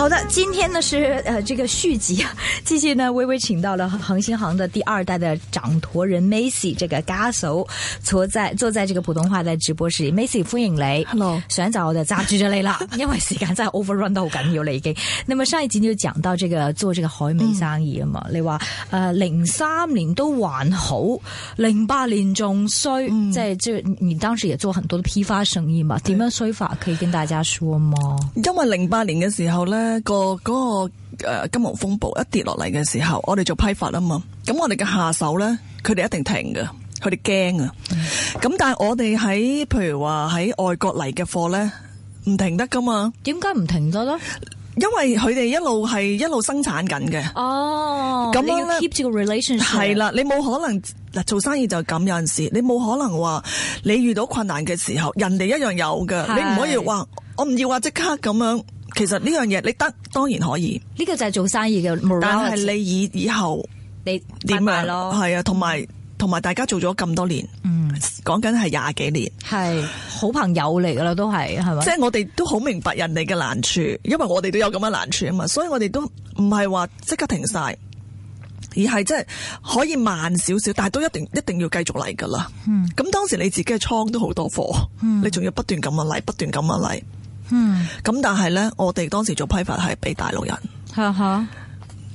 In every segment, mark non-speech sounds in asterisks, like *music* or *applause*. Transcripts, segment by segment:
好的，今天呢是呃這個續集，啊，今日呢微微請到了恒星行的第二代的掌舵人 Macy，這個家嫂坐在坐在這個普通話的直播室，Macy 歡迎你，Hello，想找我就就揸住咗你啦， *laughs* 因為時間真係 overrun 得好緊要啦已經。那麼上一集就講到這個做這個海味生意啊嘛，嗯、你話呃零三年都還好，零八年仲衰，即係即係你當時也做很多的批發生意嘛，點樣衰法可以跟大家說嗎？因為零八年嘅時候呢。一個嗰個誒金融風暴一跌落嚟嘅時候，我哋做批發啊嘛，咁我哋嘅下手咧，佢哋一定停㗎，佢哋驚啊。咁但係我哋喺譬如話喺外國嚟嘅貨咧，唔停得噶嘛？點解唔停得咧？因為佢哋一路係一路生產緊嘅。哦，咁樣 keep 住個 relationship，係啦，你冇可能嗱，做生意就咁，有陣時你冇可能話你遇到困難嘅時候，人哋一樣有㗎，你唔可以話我唔要話即刻咁樣。其實呢樣嘢你得當然可以，呢個就係做生意嘅。但係你以以後你點樣啊？係啊，同埋同埋大家做咗咁多年，嗯，講緊係廿幾年，係好朋友嚟噶啦，都係係嘛？即係我哋都好明白人哋嘅難處，因為我哋都有咁樣難處啊嘛，所以我哋都唔係話即刻停晒，嗯、而係即係可以慢少少，但係都一定一定要繼續嚟噶啦。嗯，咁當時你自己嘅倉都好多貨，你仲要不斷咁樣嚟，不斷咁樣嚟。嗯，咁 *noise* 但係咧，我哋當時做批發係俾大陸人，係啊，吓，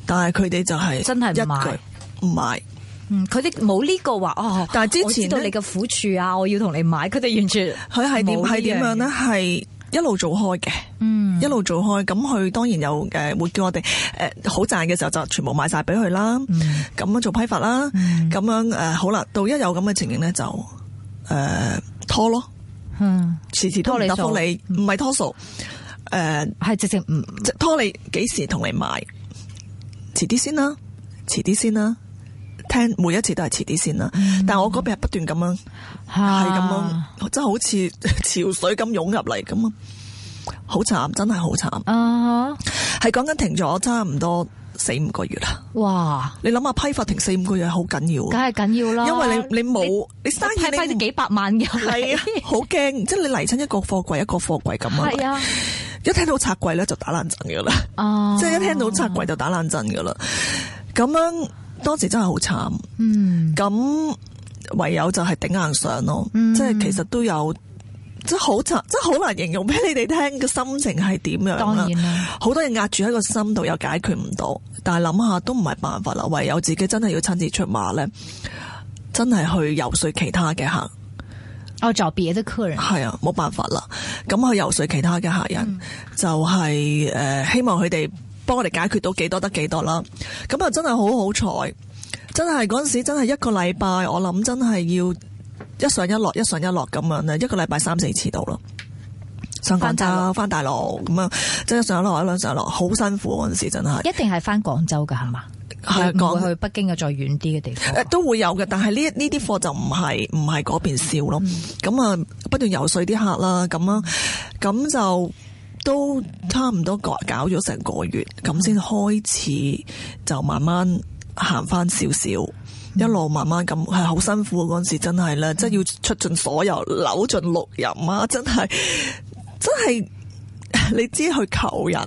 但係佢哋就係真係一句唔買，唔買，佢哋冇呢個話哦。但係之前咧，知道你嘅苦處啊，我要同你買，佢哋完全佢係點係點樣咧？係 *noise* 一路做開嘅，一路做開，咁佢當然有誒、呃，會叫我哋誒好賺嘅時候就全部買晒俾佢啦，咁 *noise* 樣做批發啦，咁 *noise* 樣誒好啦，到一有咁嘅情形咧就誒、呃、拖咯。嗯，遲遲拖你，答覆你，唔係拖數，誒，係直接唔，即拖你幾時同你買？遲啲先啦，遲啲先啦，聽每一次都係遲啲先啦。嗯、但我嗰邊係不斷咁、啊、樣，係咁樣，即係好似潮水咁湧入嚟咁啊！好慘，真係好慘啊！係講緊停咗差唔多四五個月啦，哇！你諗下批發停四五個月好緊要？梗係緊要啦，因為你你冇你生意發就幾百萬嘅，係啊，好驚！即係你嚟親一個貨櫃一個貨櫃咁樣，係啊，一聽到拆櫃咧就打冷震噶啦，哦，即係一聽到拆櫃就打冷震噶啦，咁樣當時真係好慘，嗯，咁唯有就係頂硬上咯，嗯，即係其實都有。真好難，即係好難形容俾你哋聽個心情係點樣，當然啦。好多人壓住喺個心度，又解決唔到。但係諗下都唔係辦法啦，唯有自己真係要親自出馬咧，真係去遊說其他嘅客。哦，找別的客人係啊，冇辦法啦。咁去遊說其他嘅客人，嗯、就係、是、誒、呃，希望佢哋幫我哋解決到幾多得幾多啦。咁啊，真係好好彩，真係嗰陣時真係一個禮拜，我諗真係要。一上一落，一上一落咁樣咧，一個禮拜三四次到咯。上廣州，翻大陸咁樣，真、即係、一上一落，一兩上落，好辛苦嗰陣時真係。一定係翻廣州噶係嘛？係會、會去北京嘅，再遠啲嘅地方。誒、欸，都會有嘅，但係呢呢啲貨就唔係唔係嗰邊銷咯。咁啊，不斷游、嗯、說啲客啦，咁樣咁就都差唔多搞搞咗成個月，咁先開始就慢慢行翻少少。一路慢慢咁，係好辛苦嗰陣時，真係咧，即係要出盡所有，扭盡六人啊！真係，真係你知去求人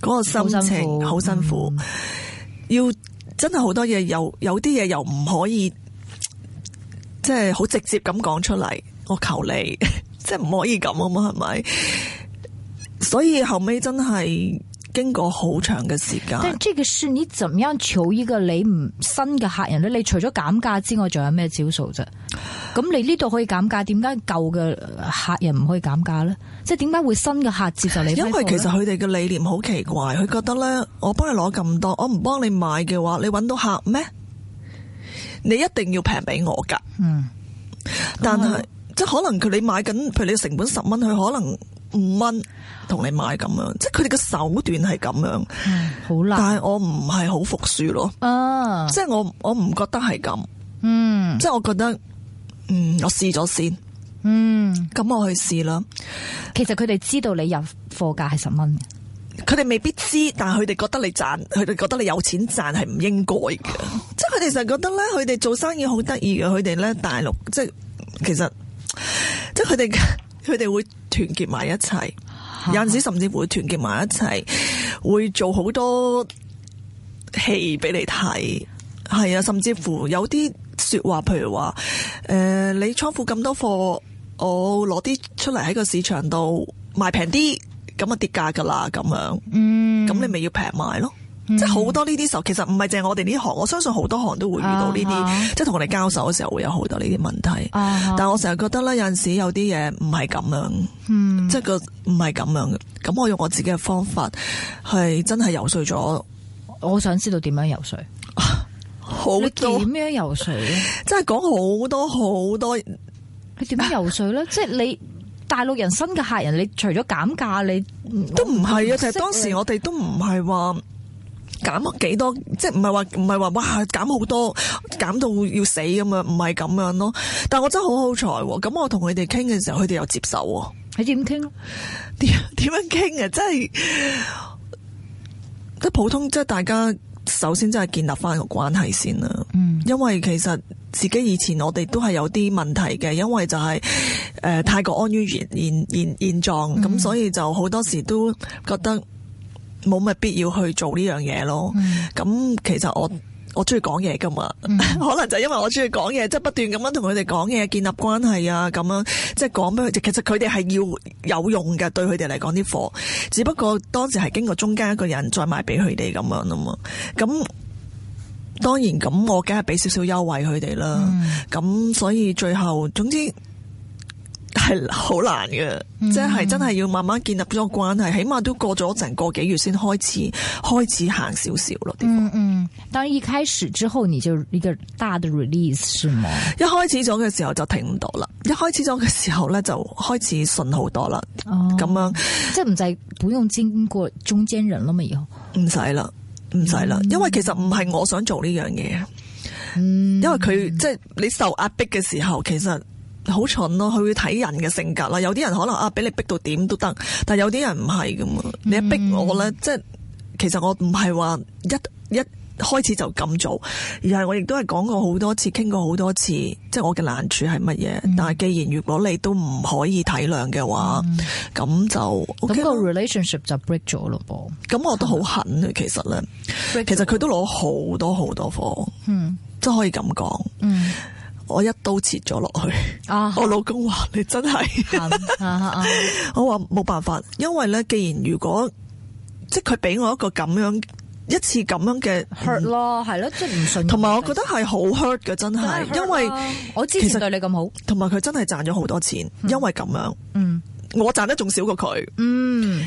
嗰、嗰個心情，好辛苦。辛苦嗯、要真係好多嘢，有有啲嘢又唔可以，即係好直接咁講出嚟。我求你，即係唔可以咁啊嘛？係咪？所以後尾真係。經過好長嘅時間，但係呢個事你怎樣儲呢個你唔新嘅客人咧？你除咗減價之外，仲有咩招數啫？咁 *coughs* 你呢度可以減價，點解舊嘅客人唔可以減價咧？即係點解會新嘅客接受你？因為其實佢哋嘅理念好奇怪，佢覺得咧，我幫你攞咁多，我唔幫你買嘅話，你搵到客咩？你一定要平俾我噶，嗯，但係即係可能佢你買緊，譬如你成本十蚊，佢可能。五蚊同你買咁樣，即係佢哋嘅手段係咁樣，好、嗯、難。但係我唔係好服輸咯，啊、即係我我唔覺得係咁，嗯、即係我覺得，嗯，我試咗先，嗯，咁我去試啦。其實佢哋知道你入貨價係十蚊，佢哋未必知，但係佢哋覺得你賺，佢哋覺得你有錢賺係唔應該嘅，即係佢哋成日覺得咧，佢哋做生意好得意嘅，佢哋咧大陸即係其實即係佢哋。佢哋會團結埋一齊，有陣時甚至會團結埋一齊，會做好多戲俾你睇。係啊，甚至乎有啲説話，譬如話，誒、呃，你倉庫咁多貨，我攞啲出嚟喺個市場度賣平啲，咁啊跌價噶啦，咁樣，嗯，咁你咪要平賣咯。嗯、即係好多呢啲時候，其實唔係淨係我哋呢行，我相信好多行都會遇到呢啲，啊、即係同我哋交手嘅時候會有好多呢啲問題。啊、但係我成日覺得咧，有陣時有啲嘢唔係咁樣，即係個唔係咁樣嘅。咁我用我自己嘅方法係真係遊說咗。我想知道點樣遊說，好多點樣遊說 *laughs* 即係講好多好多，你點樣遊說咧？即係你大陸人生嘅客人，你除咗減價，你都唔係啊！其實當時我哋都唔係話。減幾多，多？即係唔係話唔係話哇減好多，減到要死咁樣？唔係咁樣咯。但我真係好好彩，咁我同佢哋傾嘅時候，佢哋又接受。你點傾？點點樣傾啊？真係，即普通，即係大家首先真係建立翻個關係先啦。嗯、因為其實自己以前我哋都係有啲問題嘅，因為就係誒太過安於現現現現狀，咁、嗯、所以就好多時都覺得。冇乜必要去做呢樣嘢咯。咁、嗯、其實我我中意講嘢噶嘛，嗯、 *laughs* 可能就因為我中意講嘢，即、就、係、是、不斷咁樣同佢哋講嘢，建立關係啊，咁樣即係講俾佢。其實佢哋係要有用嘅，對佢哋嚟講啲貨，只不過當時係經過中間一個人再賣俾佢哋咁樣啊嘛。咁當然咁我梗係俾少少優惠佢哋啦。咁、嗯、所以最後總之。係好難嘅，嗯、即係真係要慢慢建立咗關係，嗯、起碼都過咗成個幾月先開始、嗯、開始行少少咯。嗯嗯，但係一開始之後你就一個大嘅 release，係嘛？一開始咗嘅時候就停唔到啦，一開始咗嘅時候咧就開始順好多啦。咁、哦、樣即係唔使不用經過中間人啦嘛，以後唔使啦，唔使啦，嗯、因為其實唔係我想做呢樣嘢，嗯嗯、因為佢即係你受壓迫嘅時候，其實。好蠢咯！佢會睇人嘅性格啦，有啲人可能啊，俾你逼到點都得，但有啲人唔係噶嘛。你一逼我咧，即係其實我唔係話一一開始就咁做，而係我亦都係講過好多次，傾過好多次，即係我嘅難處係乜嘢。嗯、但係既然如果你都唔可以體諒嘅話，咁、嗯、就咁、okay、個 relationship 就 break 咗咯噃。咁我都好狠嘅，其實咧，了其實佢都攞好多好多分，嗯，即係可以咁講，嗯。嗯我一刀切咗落去，uh huh. 我老公話你真係， *laughs* uh huh. uh huh. 我話冇辦法，因為咧，既然如果即係佢俾我一個咁樣一次咁樣嘅 hurt 咯，係咯 hurt，嗯，即係唔信。同埋我覺得係好 hurt 嘅，真係，真因為我之前對你咁好，同埋佢真係賺咗好多錢，因為咁樣，hmm. 賺，嗯，我賺得仲少過佢，嗯，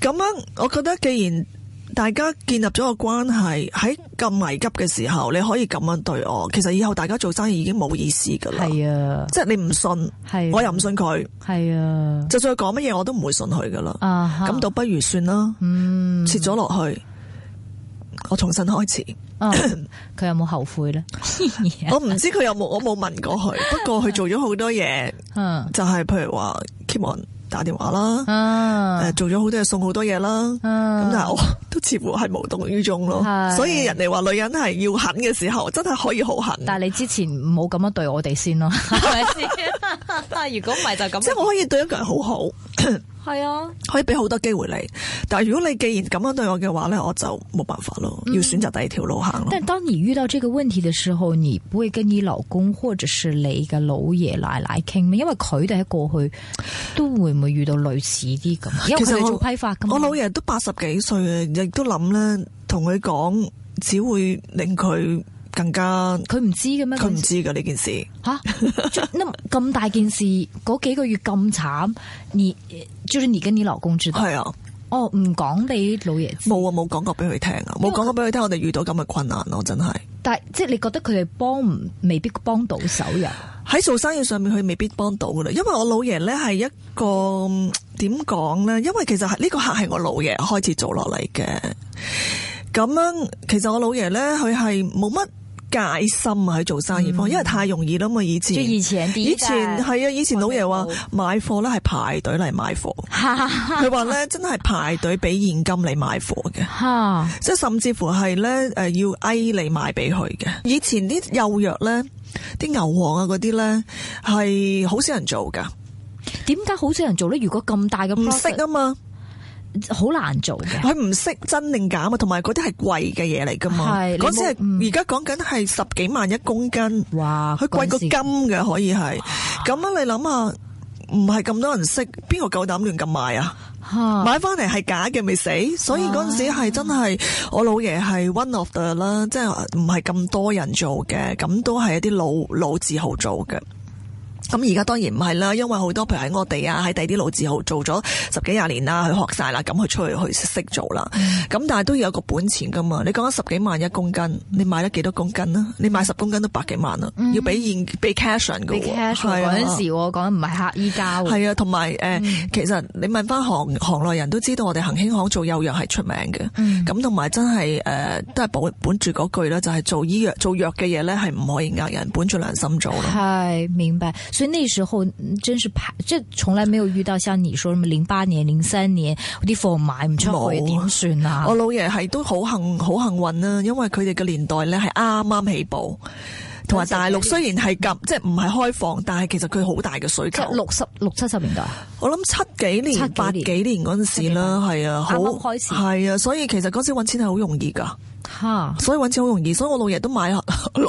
咁樣，我覺得既然。大家建立咗個關係，喺咁危急嘅時候，你可以咁樣對我，其實以後大家做生意已經冇意思噶啦。係啊，即係你唔信，啊、我又唔信佢，係啊，就算佢講乜嘢我都唔會信佢噶啦。啊、uh，咁、huh, 倒不如算啦，um, 切咗落去，我重新開始。佢、uh, 有冇後悔呢？ *laughs* *laughs* 我唔知佢有冇，我冇問過佢。 *laughs* 不過佢做咗好多嘢，uh huh. 就係譬如話，Keep on。Keep on. 打電話啦，誒、嗯、做咗好多嘢，送好多嘢啦，咁、嗯、但係我都似乎係無動於衷咯，是所以人哋話女人係要狠嘅時候真係可以好狠。但係你之前唔好咁樣對我哋先咯，係咪先？但係如果唔係就咁，即係 *laughs* 我可以對一個人好好。係啊， *laughs* 可以俾好多機會你，但係如果你既然咁樣對我嘅話咧，我就冇辦法咯，要選擇第二條路行，嗯、但係當你遇到這個問題嘅時候，你不會跟你老公或者是你嘅老爺奶奶傾咩？因為佢哋喺過去都會唔會遇到類似啲咁，因為佢做批發我，我老爺都八十幾歲，亦都諗咧，同佢講只會令佢。更加佢唔知嘅咩？佢唔知噶，呢件事吓。咁、啊、 *laughs* 大件事，嗰幾個月咁慘，而而家你老公知道係啊，哦唔講俾老爺冇啊，冇講過俾佢聽啊，冇講因為 過俾佢聽，我哋遇到咁嘅困難咯，真係。但係即係你覺得佢哋幫唔未必幫到手人喺做生意上面，佢未必幫到噶啦，因為我老爺咧，係一個點講咧，因為其實係呢個客係我老爺開始做落嚟嘅。咁樣其實我老爺咧，佢係冇乜。戒心啊！喺做生意方，因為太容易啦嘛，以前。以前以前係啊，以前老爺話買貨咧係排隊嚟買貨，佢話咧真係排隊俾現金嚟買貨嘅，即係甚至乎係咧誒要嗌你賣俾佢嘅。以前啲幼藥咧，啲牛黃啊嗰啲咧係好少人做噶。點解好少人做咧？如果咁大嘅唔識啊嘛。好難做嘅，佢唔識真定假啊，同埋嗰啲係貴嘅嘢嚟噶嘛，嗰時係而家講緊係十幾萬一公斤，哇，佢貴過金嘅可以係，咁時啊你諗下，唔係咁多人識，邊個夠膽亂咁買啊？啊買翻嚟係假嘅未死，所以嗰陣時係真係、啊、我老爺係 one of the 啦，即係唔係咁多人做嘅，咁都係一啲老老字號做嘅。咁而家當然唔係啦，因為好多譬如喺我哋啊，喺第啲老字號做咗十幾廿年啦，佢學晒啦，咁佢出去去識做啦。咁、嗯、但係都要有個本錢噶嘛。你講緊十幾萬一公斤，你買得幾多公斤啊？你買十公斤都百幾萬啊，要俾現俾 cashon 嘅喎。嗰時喎講緊唔係黑醫膠喎。係啊，同埋誒，呃嗯、其實你問翻行行內人都知道，我哋行興行做幼藥係出名嘅。咁同埋真係誒、呃，都係本住嗰句啦，就係做醫藥做藥嘅嘢咧，係唔可以呃人，本住良心做咯。係、啊，明白。明白。所以那時候、嗯、真是怕，即從來沒有遇到像你說什麼零八年、零三年啲貨買唔出，冇點算啊？我，沒我老爺係都好幸好幸運啦、啊，因為佢哋嘅年代咧係啱啱起步，同埋大陸雖然係禁，即係唔係開放，但係其實佢好大嘅需求。六十六七十年代，我諗七幾年、八幾年嗰陣時啦，係啊，啱啱開始，係啊，所以其實嗰時搵錢係好容易噶。吓，所以搵錢好容易，所以我老爺都買落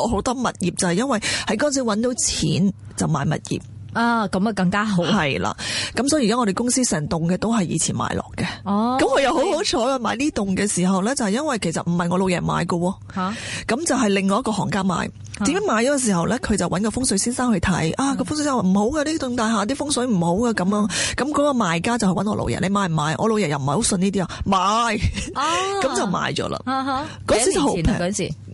好多物業，就係因為喺嗰陣時搵到錢就買物業。.啊，咁啊更加好係啦，咁所以而家我哋公司成棟嘅都係以前買落嘅。哦，咁佢又好好彩啊！買呢棟嘅時候咧，就係因為其實唔係我老爺買嘅，吓，咁就係另外一個行家買。點解買咗嘅時候咧，佢就揾個風水先生去睇。啊，個風水先生話唔好嘅，呢棟大廈啲風水唔好嘅咁樣。咁嗰個賣家就係揾我老爺，你買唔買？我老爺又唔係好信呢啲啊，買。哦，咁就買咗啦。嗰時就好平時。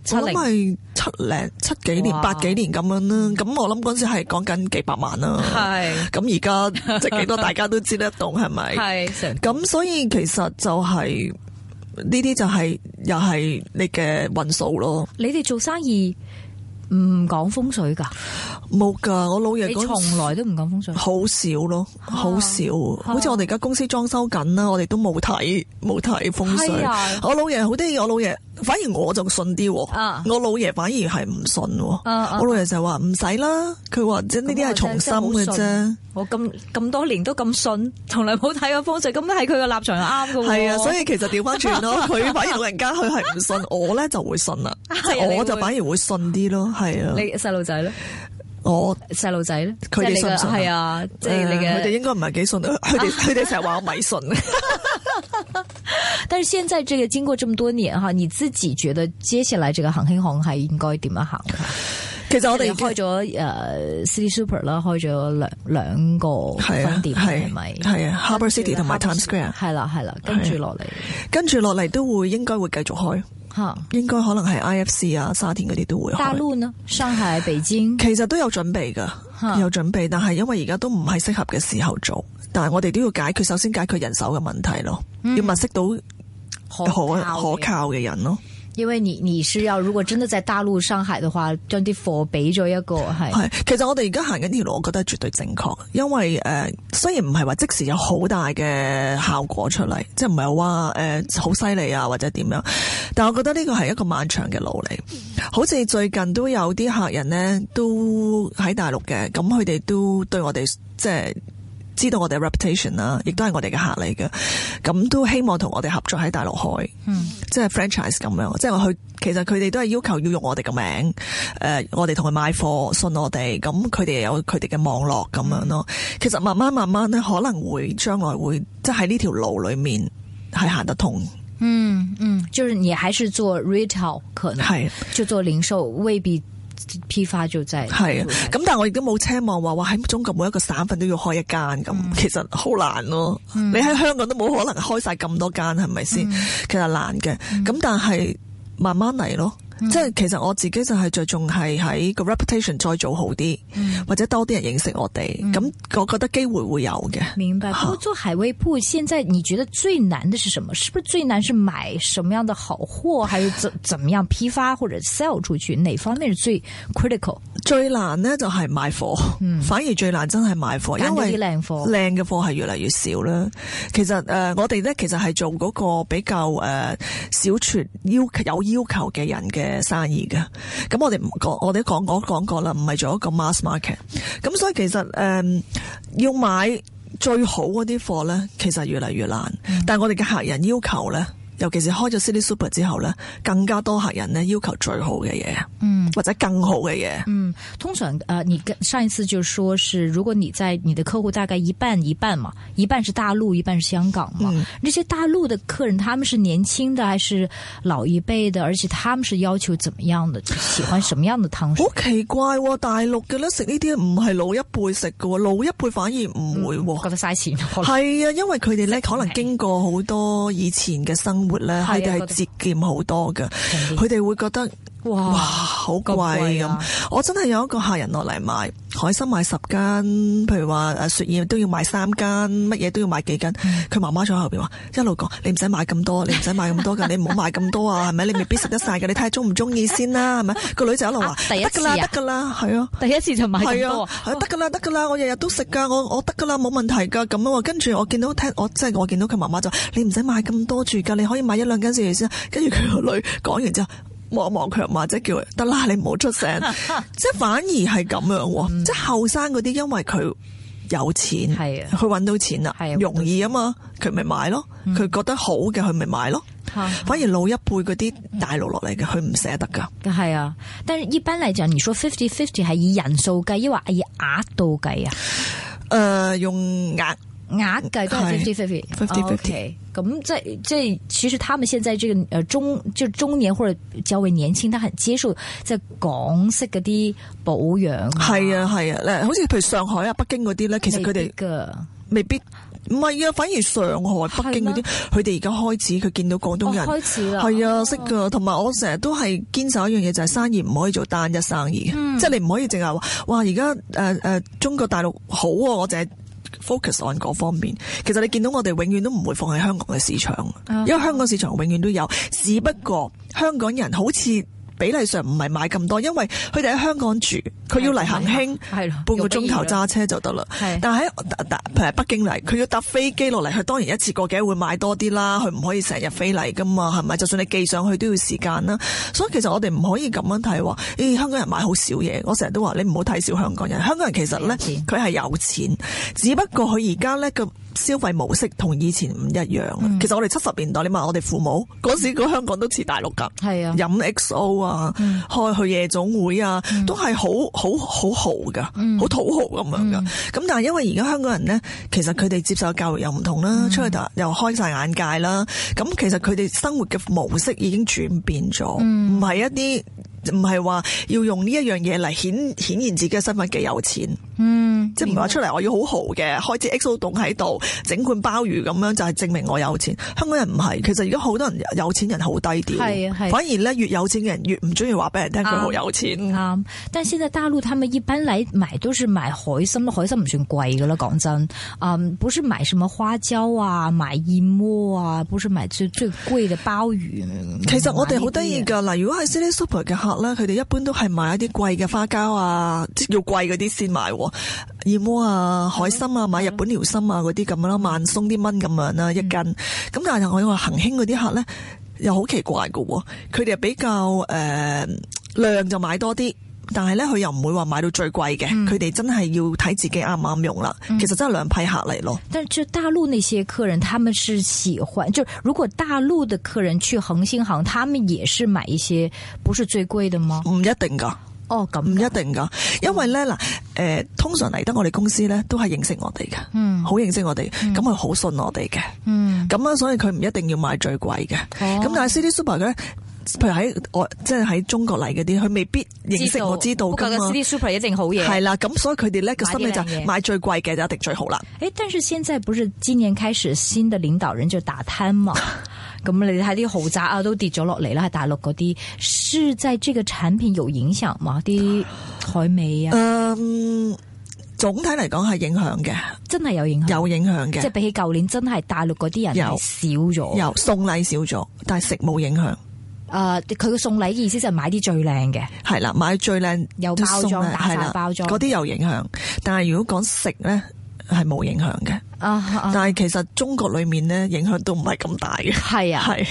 我諗係七零七,七幾年哇八幾年咁樣啦，咁我諗嗰陣時係講緊幾百萬啦，啊。係咁而家即係幾多，大家都知得懂係咪？係咁 *laughs* *laughs* 所以其實就係呢啲就係又係你嘅運數咯。你哋做生意唔講風水噶？冇噶，我老爺從來都唔講風水，好少咯，好少。啊，好似我哋而家公司裝修緊啦，我哋都冇睇冇睇風水。嗎我老爺好得意，我老爺。反而我就信啲，啊、我老爺反而係唔信，啊啊、我老爺就話唔使啦。佢話即呢啲係重心嘅啫。我咁咁多年都咁信，從來冇睇過風水，咁樣睇佢個立場係啱嘅。係啊，所以其實調翻轉咯，佢 *laughs* 反而老人家佢係唔信，我咧就會信啦，係我就反而會信啲咯，係啊。你細路仔咧？我細路仔咧，佢哋信唔信啊？係啊，即係你嘅，佢哋應該唔係幾信啊。佢哋佢哋成日話我迷信啊。但係現在這個經過這麼多年哈，你自己覺得接下來這個恒興行係應該點樣行？其實我哋開咗誒 City Super 啦，開咗兩兩個分店，係咪？係啊，Harbour City 同埋 Times Square，係啦係啦，跟住落嚟，跟住落嚟都會應該會繼續開。吓，應該可能係 IFC 啊，沙田嗰啲都會。大陸呢？上海、北京其實都有準備噶，有準備，但係因為而家都唔係適合嘅時候做，但係我哋都要解決，首先解決人手嘅問題咯，嗯、要物色到可可靠嘅人咯。因為你你是要如果真的在大陸上海的話，將啲貨俾咗一個係。係其實我哋而家行緊條路，我覺得絕對正確。因為誒、呃，雖然唔係話即時有好大嘅效果出嚟，即係唔係話誒好犀利啊或者點樣，但我覺得呢個係一個漫長嘅路嚟。好似最近都有啲客人呢，都喺大陸嘅，咁佢哋都對我哋即係。知道我哋 reputation 啦，亦都係我哋嘅客嚟嘅，咁都希望同我哋合作喺大陸開，嗯、即係 franchise 咁樣，即係話佢其實佢哋都係要求要用我哋嘅名，誒、呃，我哋同佢買貨，信我哋，咁佢哋有佢哋嘅網絡咁樣咯。其實慢慢慢慢咧，可能會將來會即係喺呢條路裏面係行得通。嗯嗯，就是你還是做 retail 可能係，是就做零售未必。批發做制係啊，咁的的但係我亦都冇奢望話，哇喺中國每一個省份都要開一間咁，其實好難，嗯、慢慢咯。你喺香港都冇可能開晒咁多間，係咪先？其實難嘅，咁但係慢慢嚟咯。嗯、即係其實我自己就係着重係喺個 reputation 再做好啲，嗯、或者多啲人認識我哋。咁、嗯、我覺得機會會有嘅。明白。不過做海味鋪，啊、現在你覺得最難的是什麼？是不是最難是買什麼樣的好貨，還是怎怎麼樣批發或者 sell 出去？ *laughs* 哪方面最 critical 最難咧就係賣貨，嗯、反而最難真係賣貨，因為靚貨靚嘅貨係越嚟越少啦、 *laughs* 呃。其實誒，我哋咧其實係做嗰個比較誒小廚要求有要求嘅人嘅。誒，生意嘅，咁我哋唔講，我哋都講講講過啦，唔係做一個 mass market，咁所以其實誒，呃，要買最好嗰啲貨咧，其實越嚟越難，嗯，但係我哋嘅客人要求咧。尤其是開咗 City Super 之後呢，更加多客人呢要求最好嘅嘢，嗯，或者更好嘅嘢，嗯。通常，誒，你上一次就係說是，如果你在你的客戶大概一半一半嘛，一半是大陸，一半是香港嘛。嗯，呢些大陸的客人，他們是年輕的，還是老一輩的？而且他們是要求怎麼樣的？喜歡什麼樣的湯水？嗯，好奇怪喎！大陸嘅呢食呢啲唔係老一輩食嘅喎，老一輩反而唔會喎，嗯，覺得嘥錢。係啊，因為佢哋呢可能經過好多以前嘅生活。咧，佢哋係節儉好多嘅，佢哋 *music* 會覺得。哇，好貴貴咁！貴啊、我真係有一個客人落嚟買海參，買十斤，譬如話誒雪耳都要買三斤，乜嘢都要買幾斤。佢媽媽坐喺後邊話，一路講：你唔使買咁多，你唔使買咁多噶， *laughs* 你唔好買咁多啊，係咪？你未必食得晒噶，你睇下中唔中意先啦，係咪？個 *laughs* 女就一路話：得噶啦，得噶啦，係啊，第一次,、啊、第一次就買咁多，係啊，得噶啦，得噶啦，我日日都食噶，我我得噶啦，冇問題噶，咁樣。跟住我見到聽，我即係我見到佢媽媽就：你唔使買咁多住噶，你可以買一兩斤先先。跟住佢個女講完之後。望望佢，或者叫佢得啦，你唔好出聲。 *laughs* 即係反而係咁樣， *laughs* 即係後生嗰啲，因為佢有錢，係啊的，佢搵到錢啊，的容易啊嘛，佢咪買咯。佢、嗯、覺得好嘅，佢咪買咯。 *laughs* 反而老一輩嗰啲大陸落嚟嘅，佢唔捨得噶。係啊，但係一般嚟就你說 fifty fifty 係以人數計，抑或以額度計啊？誒、呃，用額。我都係 fifty fifty，咁即係其實他們現在這個，呃中就中年或者較為年輕，他很接受即係港式嗰啲保養。係啊係啊，咧好似譬如上海啊、北京嗰啲咧，其實佢哋未必，未必唔係啊，反而上海、北京嗰啲，佢哋而家開始佢見到廣東人開始啦，係啊，識噶。同埋我成日都係堅守一樣嘢，就係生意唔可以做單一生意，即係你唔可以淨係話，哇，而家誒誒中國大陸好啊，我淨係。focus on 嗰方面，其實你見到我哋永遠都唔會放棄香港嘅市場，oh. 因為香港市場永遠都有，只不過香港人好似。比例上唔係買咁多，因為佢哋喺香港住，佢要嚟恆興，半個鐘頭揸車就得啦。的但係喺北京嚟，佢要搭飛機落嚟，佢當然一次過幾會買多啲啦。佢唔可以成日飛嚟㗎嘛，係咪？就算你寄上去都要時間啦。所以其實我哋唔可以咁樣睇話，咦、哎，香港人買好少嘢。我成日都話你唔好睇小香港人。香港人其實呢，佢係有,有錢，只不過佢而家呢個。消費模式同以前唔一樣，嗯、其實我哋七十年代你問我哋父母嗰、嗯、時香港都似大陸㗎，飲 XO 啊，啊嗯、開去夜總會啊，嗯、都係好好好豪噶，好土豪咁樣噶。咁、嗯、但係因為而家香港人呢，其實佢哋接受教育又唔同啦，嗯、出去又開晒眼界啦，咁其實佢哋生活嘅模式已經轉變咗，唔係、嗯、一啲唔係話要用呢一樣嘢嚟顯顯現自己嘅身份幾有錢。嗯，即係唔話出嚟，我要好豪嘅，白開支 X O 洞喺度，整罐鮑魚咁樣就係、是、證明我有錢。香港人唔係，其實而家好多人有錢人好低調，嗯、反而咧越有錢嘅人越唔中意話俾人聽佢好有錢。啱、嗯嗯，但現在大陸他們一般嚟買都是買海參，海參唔算貴噶啦，講真，嗯，不是買什麼花膠啊，買燕窩啊，不是買最最貴的鮑魚。嗯、其實我哋好得意噶，嗱，如果係 City Super 嘅客咧，佢哋一般都係買一啲貴嘅花膠啊，即要貴嗰啲先買。燕窩啊、海參啊、買日本遼參啊嗰啲咁啦，萬鬆啲蚊咁樣啦、啊，一斤。咁、嗯、但係我話恆興嗰啲客咧，又好奇怪嘅、哦，佢哋比較誒、呃、量就買多啲，但係咧佢又唔會話買到最貴嘅，佢哋、嗯、真係要睇自己啱唔啱用啦。嗯、其實真係兩批客嚟咯。但係就大陸那些客人，他們是喜歡，就如果大陸的客人去恆興行，他們也是買一些不是最貴的嗎？唔一定噶。哦，咁唔一定噶，因為咧嗱，誒、呃，通常嚟得我哋公司咧，都係認識我哋嘅，嗯，好認識我哋，咁佢好信我哋嘅，嗯，咁啊，所以佢唔一定要買最貴嘅，咁、哦、但係 City Super 咧，譬如喺我即係喺中國嚟嗰啲，佢未必認識我知道，今日 City Super 一定好嘢，係啦，咁所以佢哋咧個心理就買最貴嘅就一定最好啦。誒，但是現在不是今年開始新的領導人就打貪嘛？ *laughs* 咁你睇啲豪宅啊都跌咗落嚟啦，喺大陸嗰啲，即係這個產品有影響嘛？啲海味啊，嗯，總體嚟講係影響嘅，真係有，有，有影響，有影響嘅，即係比起舊年真係大陸嗰啲人又少咗，又送禮少咗，但係食冇影響。誒，佢個送禮嘅意思就係買啲最靚嘅，係啦，買最靚有包裝打包裝，嗰啲有影響，但係如果講食咧。係冇影響嘅，uh, uh, 但係其實中國裏面呢，影響都唔係咁大嘅，係啊，係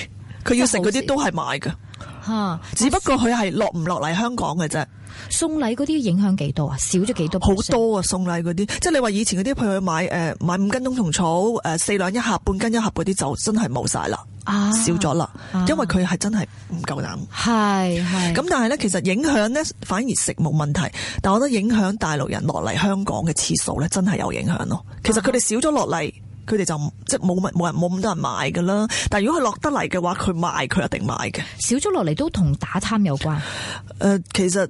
佢要食嗰啲都係買嘅， *laughs* 只不過佢係落唔落嚟香港嘅啫。送禮嗰啲影響幾多啊？少咗幾多？好多啊！送禮嗰啲，即係你話以前嗰啲譬如買誒、呃，買五斤冬蟲草誒、呃，四兩一盒、半斤一盒嗰啲，就真係冇晒啦，少咗啦，因為佢係真係唔夠膽。係係。咁但係咧，其實影響咧反而食冇問題，但我覺得影響大陸人落嚟香港嘅次數咧，真係有影響咯。其實佢哋少咗落嚟，佢哋就即係冇冇人冇咁多人買噶啦。但係如果佢落得嚟嘅話，佢買佢一定買嘅。少咗落嚟都同打貪有關。誒、呃，其實。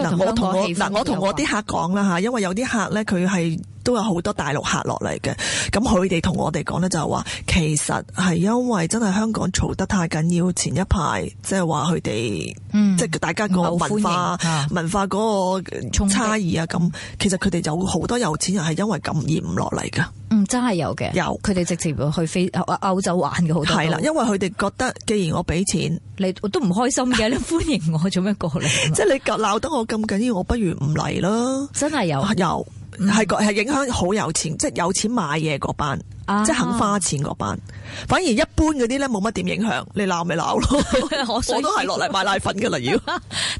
嗱，我同我嗱，我同我啲客講啦嚇，因為有啲客咧，佢係。都有好多大陸客落嚟嘅，咁佢哋同我哋講呢，就係話，其實係因為真係香港嘈得太緊要，前一排、嗯、即係話佢哋，即係大家嗰個文化文、嗯、化嗰個差異啊，咁、嗯、其實佢哋有好多有錢人係因為咁而唔落嚟噶。嗯，真係有嘅，有佢哋直接去去歐洲玩嘅好多。係啦，因為佢哋覺得，既然我俾錢你，我都唔開心嘅，你歡迎我做咩 *laughs* 過嚟？即係你鬧得我咁緊要，我不如唔嚟啦。真係有， *laughs* 有。係個係影響好有錢，即係有錢買嘢嗰班。啊、即係肯花錢嗰班，啊、反而一般嗰啲咧冇乜點影響，你鬧咪鬧咯。 *laughs* *laughs* 我都係落嚟買奶粉噶啦要。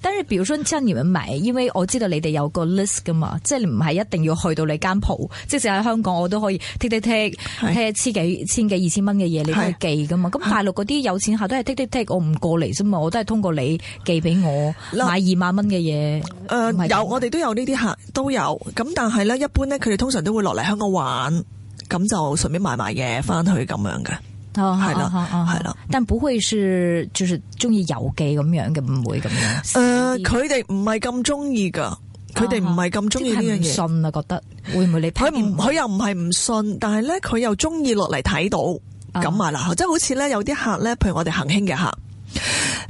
但係表叔真係咁，因為我知道你哋有個 list 噶嘛，即係唔係一定要去到你間鋪，即使喺香港我都可以 tick tick tick，tick 千是幾、千幾、二千蚊嘅嘢，你都可以寄噶嘛。咁是大陸嗰啲有錢客都係 tick tick tick，我唔過嚟啫嘛，我都係通過你寄俾我買二萬蚊嘅嘢。誒、呃，有我哋都有呢啲客都有，咁但係咧一般咧，佢哋通常都會落嚟香港玩。咁就順便買埋嘢翻去咁樣嘅，係啦，係啦，但唔會是就是中意郵寄咁樣嘅，唔會咁樣。誒、uh，佢哋唔係咁中意噶，佢哋唔係咁中意呢樣嘢。信啊，覺得會唔會你？佢唔佢又唔係唔信，但係咧佢又中意落嚟睇到咁買啦，即係好似咧有啲客咧，譬如我哋恒興嘅客，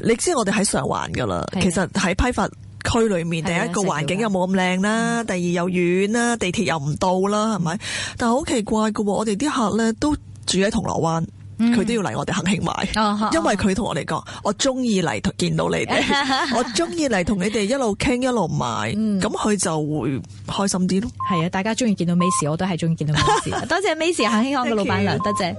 你知我哋喺上環噶啦，oh. 其實喺批發。區裏面，第一個環境又冇咁靚啦，第二又遠啦，地鐵又唔到啦，係咪？但係好奇怪嘅，我哋啲客咧都住喺銅鑼灣，佢都要嚟我哋恒興買，因為佢同我哋講，我中意嚟見到你哋，我中意嚟同你哋一路傾一路買，咁佢就會開心啲咯。係啊，大家中意見到 Maisie，我都係中意見到 Maisie。多謝 Maisie 恒興行嘅老闆娘，多謝。